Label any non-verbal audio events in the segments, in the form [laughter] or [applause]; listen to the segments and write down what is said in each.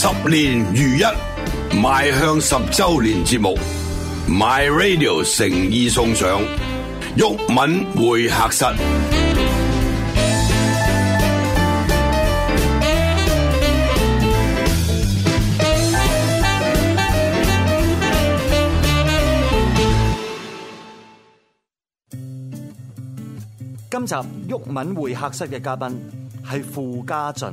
十年如一，邁向十周年節目，My Radio 誠意送上。毓民會客室。今集毓民會客室嘅嘉賓係傅家俊。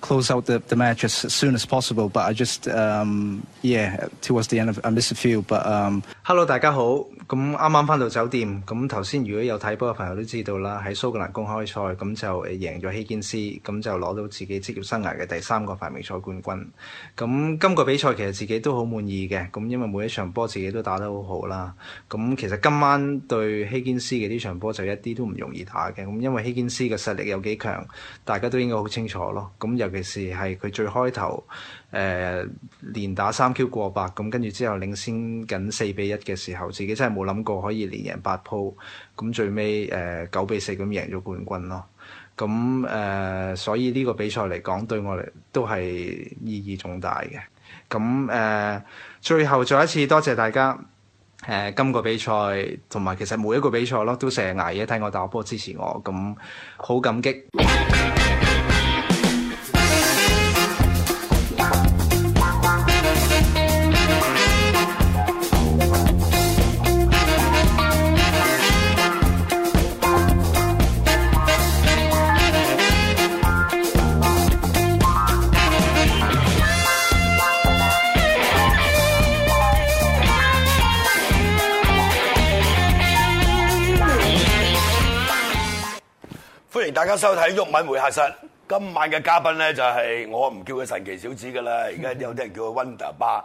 Close out the the match as soon as possible. But I just, yeah, towards the end, of I miss a few. But hello，大家好。咁啱啱翻到酒店。咁頭先如果有睇波嘅朋友都知道啦，喺蘇格蘭公開賽，咁就贏咗希堅斯，咁就攞到自己職業生涯嘅第三個排名賽冠軍。咁今個比賽其實自己都好滿意嘅。咁因為每一場波自己都打得好好啦。咁其實今晚對希堅斯嘅呢場波就一啲都唔容易打嘅。咁因為希堅斯嘅實力有幾強，大家都應該好清楚咯。咁尤其是係佢最開頭，誒、呃、連打三 Q 過百咁，跟、嗯、住之後領先緊四比一嘅時候，自己真係冇諗過可以連贏八鋪，咁、嗯、最尾誒九比四咁贏咗冠軍咯。咁、嗯、誒、呃，所以呢個比賽嚟講對我嚟都係意義重大嘅。咁、嗯、誒、呃，最後再一次多謝大家誒、呃，今個比賽同埋其實每一個比賽咯，都成日捱夜睇我打波支持我，咁、嗯、好感激。大家收睇毓民會客室，今晚嘅嘉賓咧就係我唔叫佢神奇小子噶啦，而家有啲人叫佢溫特巴，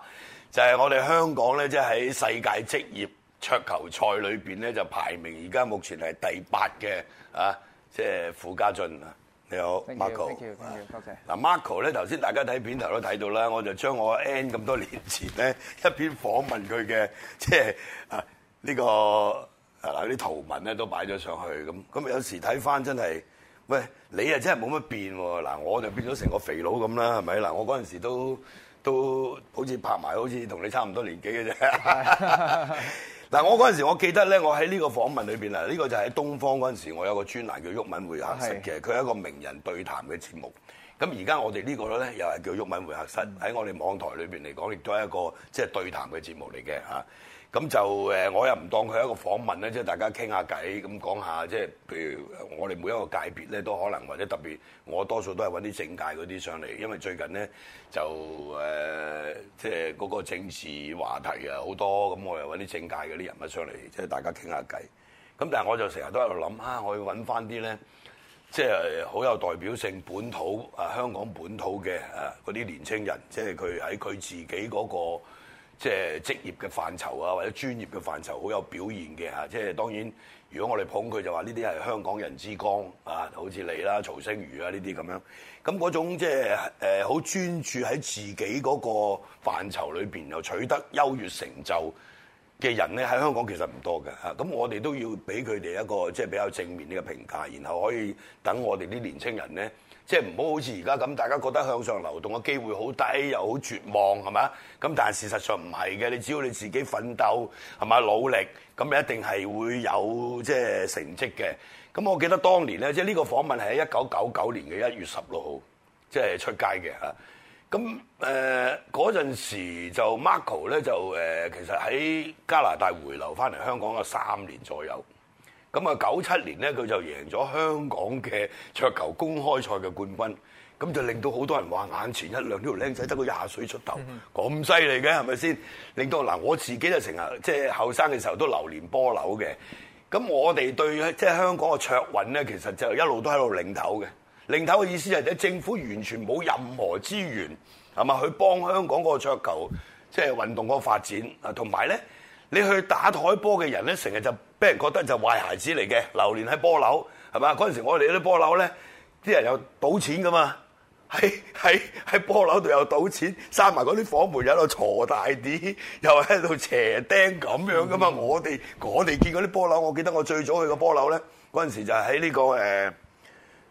就係我哋香港咧，即係喺世界職業桌球賽裏邊咧就排名而家目前係第八嘅啊，即係傅家俊啊，你好 Thank you.、啊、，Marco，多謝，嗱，Marco 咧，頭先大家睇片頭都睇到啦，我就將我 N 咁多年前咧一篇訪問佢嘅，即、就、係、是、啊呢、這個啊嗱啲圖文咧都擺咗上去，咁咁有時睇翻真係。喂，你啊真係冇乜變喎！嗱，我就變咗成個肥佬咁啦，係咪？嗱，我嗰陣時都都好似拍埋，好似同你差唔多年紀嘅啫。嗱 [laughs] [laughs] [laughs] 我嗰陣時，我記得咧，我喺呢個訪問裏邊啊，呢、呢個就喺東方嗰陣時，我有個專欄叫《毓民會客室》嘅，佢係是一個名人對談嘅節目。咁而家我哋呢個咧，又係叫毓民會客室，喺我哋網台裏邊嚟講，亦都係一個即係對談嘅節目嚟嘅嚇。咁就誒，我又唔當佢係一個訪問咧，即係大家傾下偈咁講下，即係譬如我哋每一個界別咧都可能或者特別，我多數都係揾啲政界嗰啲上嚟，因為最近咧就誒即係嗰個政治話題啊好多，咁我又揾啲政界嗰啲人物上嚟，即係大家傾下偈。咁但係我就成日都喺度諗啊，我要揾翻啲咧。即係好有代表性，本土啊，香港本土嘅啊嗰啲年青人，即係佢喺佢自己嗰個即係職業嘅範疇啊，或者專業嘅範疇好有表現嘅嚇。即係當然，如果我哋捧佢就話呢啲係香港人之光啊，好似你啦、曹星如啊呢啲咁樣。咁嗰種即係誒好專注喺自己嗰個範疇裏邊，又取得優越成就嘅人咧，喺香港其實唔多嘅嚇，咁我哋都要俾佢哋一個即係、就是、比較正面呢個評價，然後可以等我哋啲年青人咧，即係唔好好似而家咁，大家覺得向上流動嘅機會好低又好絕望係咪啊？咁但係事實上唔係嘅，你只要你自己奮鬥係咪努力，咁一定係會有即係、就是、成績嘅。咁我記得當年咧，即係呢個訪問係喺一九九九年嘅一月十六號，即、就、係、是、出街嘅嚇。咁誒嗰陣時 Mar 就 Marco 咧就誒其實喺加拿大回流翻嚟香港咗三年左右，咁啊九七年咧佢就贏咗香港嘅桌球公開賽嘅冠軍，咁就令到好多人話眼前一亮，呢條僆仔得個廿歲出頭咁犀利嘅係咪先？令到嗱我自己就成日即係後生嘅時候都流連波樓嘅，咁我哋對即係香港嘅桌運咧，其實就一路都喺度領頭嘅。另頭嘅意思係點？政府完全冇任何資源，係咪去幫香港個桌球即係運動個發展？啊，同埋咧，你去打台波嘅人咧，成日就俾人覺得就壞孩子嚟嘅，流連喺波樓，係嘛？嗰陣時我哋啲波樓咧，啲人又賭錢噶嘛，喺喺喺波樓度又賭錢，生埋嗰啲火煤喺度坐大啲，又喺度斜釘咁樣噶嘛。嗯、我哋我哋見嗰啲波樓，我記得我最早去個波樓咧，嗰陣時就喺呢、這個誒。呃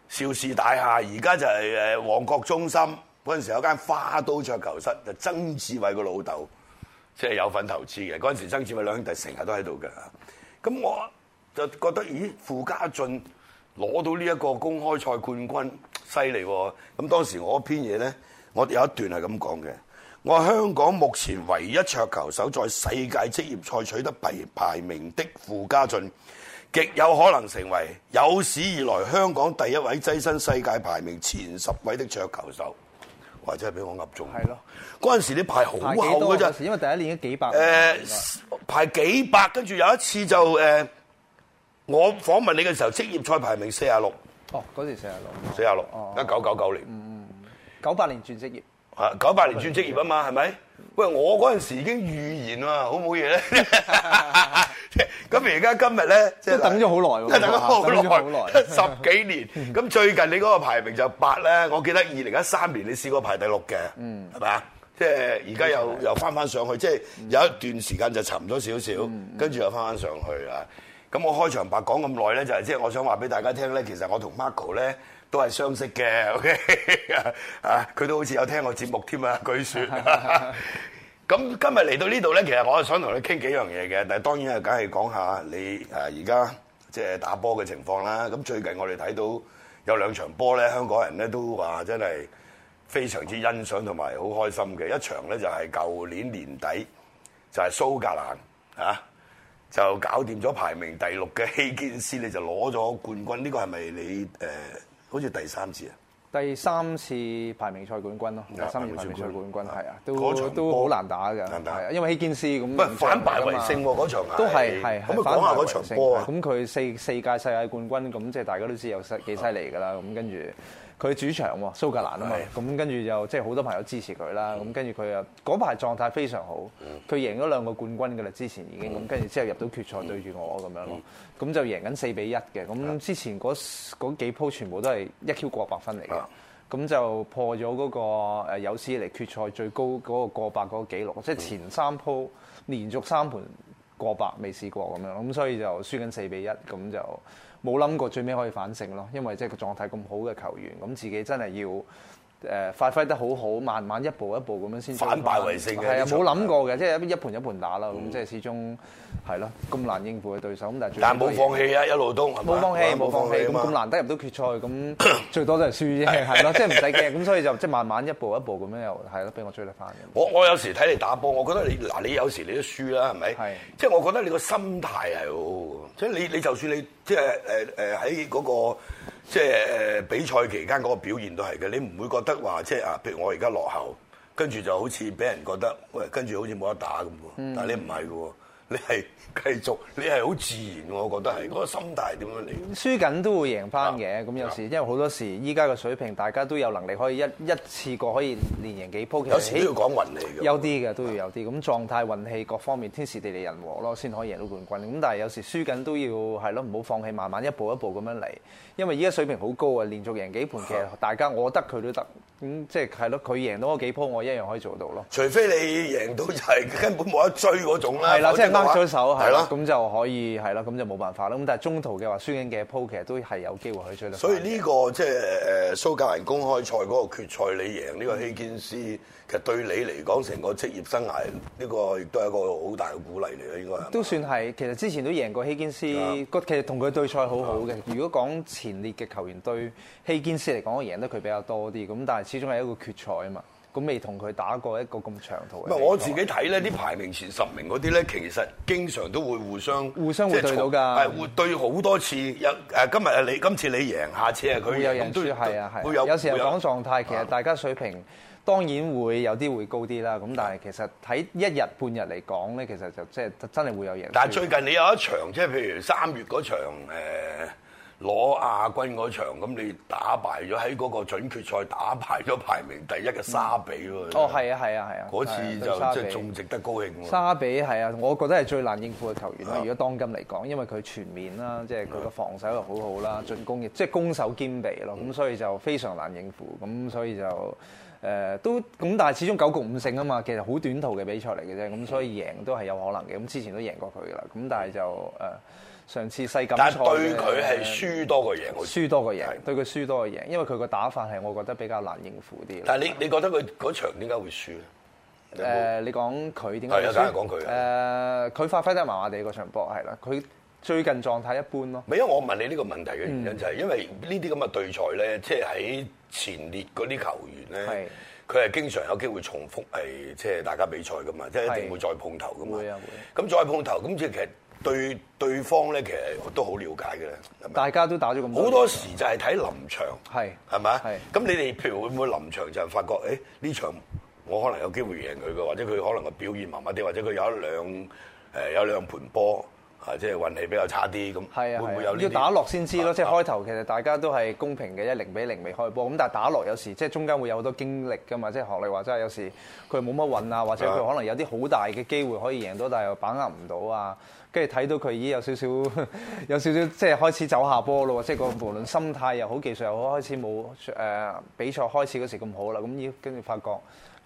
邵氏大廈而家就係誒旺角中心，嗰陣時有間花都桌球室，就曾志偉個老豆，即係有份投資嘅。嗰陣時，曾志偉兩兄弟成日都喺度嘅。咁我就覺得咦，傅家俊攞到呢一個公開賽冠軍，犀利喎！咁當時我篇嘢咧，我哋有一段係咁講嘅，我話香港目前唯一桌球手在世界職業賽取得排排名的傅家俊。極有可能成為有史以來香港第一位躋身世界排名前十位的桌球手，或者係俾我噏中。係咯的，嗰陣時你排好後嘅咋？因為第一年已經幾百。誒、呃，排幾百，跟住有一次就誒、呃，我訪問你嘅時候，職業賽排名四十六。哦，嗰時四十六。四十六，一九九九年。嗯，九八年轉職業。啊，九八年轉職業啊嘛，係咪年？喂，我嗰陣時已經預言啦，好唔好嘢咧。 [laughs] [laughs] 咁而家今日咧，即係等咗好耐，等咗好耐，十幾年。咁最近你嗰個排名就八咧，我記得二零一三年你試過排第六嘅，係咪啊？即係而家又又返返上去，即係有一段時間就沉咗少少，跟住又返返上去啊！咁我開場白講咁耐咧，就係即係我想話俾大家聽咧，其實我同 Marco 咧都係相識嘅，OK 啊？佢都好似有聽我節目添啊，據說。咁今日嚟到呢度咧，其實我係想同你傾幾樣嘢嘅，但係當然係梗係講下你誒而家即係打波嘅情況啦。咁最近我哋睇到有兩場波咧，香港人咧都話真係非常之欣賞同埋好開心嘅。一場咧就係舊年年底就係、是、蘇格蘭啊，就搞掂咗排名第六嘅希堅斯，你就攞咗冠軍呢，這個係咪你誒、呃、好似第三次啊？第三次排名賽冠軍咯，第三次排名賽冠軍，係啊，都都好難打㗎，難打，係啊，因為希堅斯咁，唔反敗為勝喎，嗰場都係係係反敗嗰場勝，咁佢四四屆世界冠軍，咁即係大家都知有幾犀利㗎啦，咁跟住。佢主場喎，蘇格蘭啊嘛，咁跟住就即係好多朋友支持佢啦，咁跟住佢啊嗰排狀態非常好，佢贏咗兩個冠軍㗎喇，之前已經，咁跟住之後入到決賽對住我咁樣咯，咁是的 就贏緊四比一嘅，咁之前嗰嗰幾鋪全部都係一 Q 過百分嚟嘅，咁是的 就破咗嗰個有史以嚟決賽最高嗰個過百嗰個紀錄，是的 即係前三鋪連續三盤。過百未試過咁樣，咁所以就輸緊四比一，咁就冇諗過最尾可以反勝咯，因為即係個狀態咁好嘅球員，咁自己真係要。誒發揮得好好，慢慢一步一步咁樣先反敗為勝嘅，係啊，冇諗過嘅，即係一盤一盤打啦，咁即係始終係咯，咁難應付嘅對手，咁但係但係冇放棄啊，一路都冇放棄，冇放棄，咁咁難得入到決賽，咁最多都係輸啫，係咯，即係唔使驚，咁所以就即係慢慢一步一步咁樣又係咯，俾我追得翻。我我有時睇你打波，我覺得你嗱你有時你都輸啦，係咪？係。即係我覺得你個心態係好，即係你你就算你即係誒誒喺嗰個。即係、呃、比賽期間嗰個表現都係嘅，你唔會覺得話即係啊，譬如我而家落後，跟住就好似俾人覺得喂，跟住好似冇得打咁喎。但係你唔係嘅喎。你係繼續，你係好自然，我覺得係。嗰個心態點樣嚟？輸緊都會贏翻嘅，咁有時因為好多時依家嘅水平，大家都有能力可以一一次過可以連贏幾鋪。有時都要講運氣嚟嘅。有啲嘅都要有啲咁狀態、運氣各方面，天時地利人和咯，先可以贏到冠軍。咁但係有時輸緊都要係咯，唔好放棄，慢慢一步一步咁樣嚟。因為依家水平好高啊，連續贏幾盤，其實大家我得佢都得。咁即係係咯，佢贏到嗰幾鋪，我一樣可以做到咯。除非你贏到就係根本冇得追嗰種啦。係啦，即係。分咗手係咯，咁就可以係咯，咁就冇辦法啦。咁但係中途嘅話，輸緊嘅鋪其實都係有機會去追得。所以呢個即係誒蘇格蘭公開賽嗰個決賽，你贏呢個希堅斯，其實對你嚟講，成個職業生涯呢個亦都係一個好大嘅鼓勵嚟嘅，應該。都算係，其實之前都贏過希堅斯，個其實同佢對賽好好嘅。如果講前列嘅球員對希堅斯嚟講，我贏得佢比較多啲。咁但係始終係一個決賽啊嘛。咁未同佢打過一個咁長途嘅。我自己睇呢啲排名前十名嗰啲呢，其實經常都會互相互相會對到㗎。係會對好多次。有誒，今日你今次你贏，下次啊佢咁。對係啊，係。會有，有時講狀態，啊、其實大家水平當然會有啲會高啲啦。咁但係其實睇一日半日嚟講呢，其實就即係真係會有贏。但係最近你有一場即係譬如三月嗰場，呃攞亞軍嗰場，咁你打敗咗喺嗰個準決賽打敗咗排名第一嘅沙比喎。嗯、是哦，係啊，係啊，係啊。嗰次就即係仲值得高興。沙比係啊，我覺得係最難應付嘅球員啦。啊、如果當今嚟講，因為佢全面啦，即係佢嘅防守又好好啦，啊、進攻亦即係攻守兼備咯。咁、嗯、所以就非常難應付，咁所以就。誒都咁，但係始終九局五勝啊嘛，其實好短途嘅比賽嚟嘅啫，咁所以贏都係有可能嘅。咁之前都贏過佢噶啦，咁但係就誒、呃、上次世錦賽、就是，但對佢係輸多過贏，輸多過贏，是 對佢輸多過贏，因為佢個打法係我覺得比較難應付啲。但係你你覺得佢嗰場點解會輸咧？誒、呃，你講佢點解係啊？梗係講佢啊！佢、呃、發揮得麻麻地嗰場波係啦，佢。最近狀態一般咯。唔係，因為我問你呢個問題嘅原因就係因為呢啲咁嘅對賽咧，即係喺前列嗰啲球員咧，佢係是的 經常有機會重複，係即係大家比賽噶嘛，即係一定會再碰頭噶嘛。會。咁再碰頭，咁即係其實對對方咧，其實都好了解嘅。大家都打咗咁多時，好多時就係睇臨場係係嘛？係。咁你哋譬如會唔會臨場就發覺誒呢場我可能有機會贏佢嘅，或者佢可能個表現麻麻啲，或者佢有一兩誒有兩，有兩盤波？即係運氣比較差啲咁，的會唔會有？要打落先知咯，的即係開頭其實大家都係公平嘅，一零比零未開波。咁但係打落有時，即係中間會有好多經歷㗎嘛，即係學你話齋有時佢冇乜運啊，或者佢可能有啲好大嘅機會可以贏到，但係又把握唔到啊。跟住睇到佢已經有少少，有少少即係開始走下波咯。即係個無論心態又好，技術又好，開始冇誒比賽開始嗰時咁好啦。咁已經跟住發覺。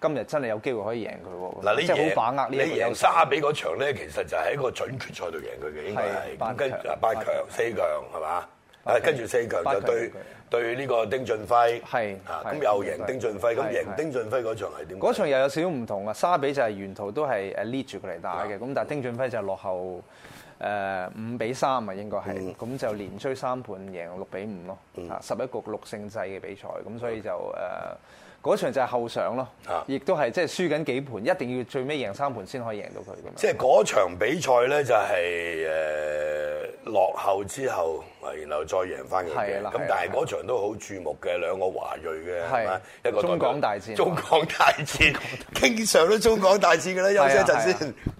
今日真係有機會可以贏佢喎！嗱，你就好把握贏，你贏沙比嗰場咧，其實就係一個準決賽度贏佢嘅，應該係。跟八強、四強係嘛？啊，跟住四強就對對呢個丁俊輝。係啊，咁又贏丁俊輝，咁贏丁俊輝嗰場係點？嗰場又有少少唔同啊！沙比就係沿途都係誒 lead 住佢嚟打嘅，咁但係丁俊輝就落後。誒五比三啊，應該係咁就連追三盤贏六比五咯、嗯，啊十一局六勝制嘅比賽，咁所以就誒嗰場就係後上咯，亦都係即係輸緊幾盤，一定要最尾贏三盤先可以贏到佢嘅。即係嗰場比賽咧，就係誒落後之後，然後再贏翻嘅，咁、啊、但係嗰場都好注目嘅兩個華裔嘅，一個的中港大戰，中港大戰 [laughs] 經常都中港大戰嘅啦，休息一陣先。 [laughs]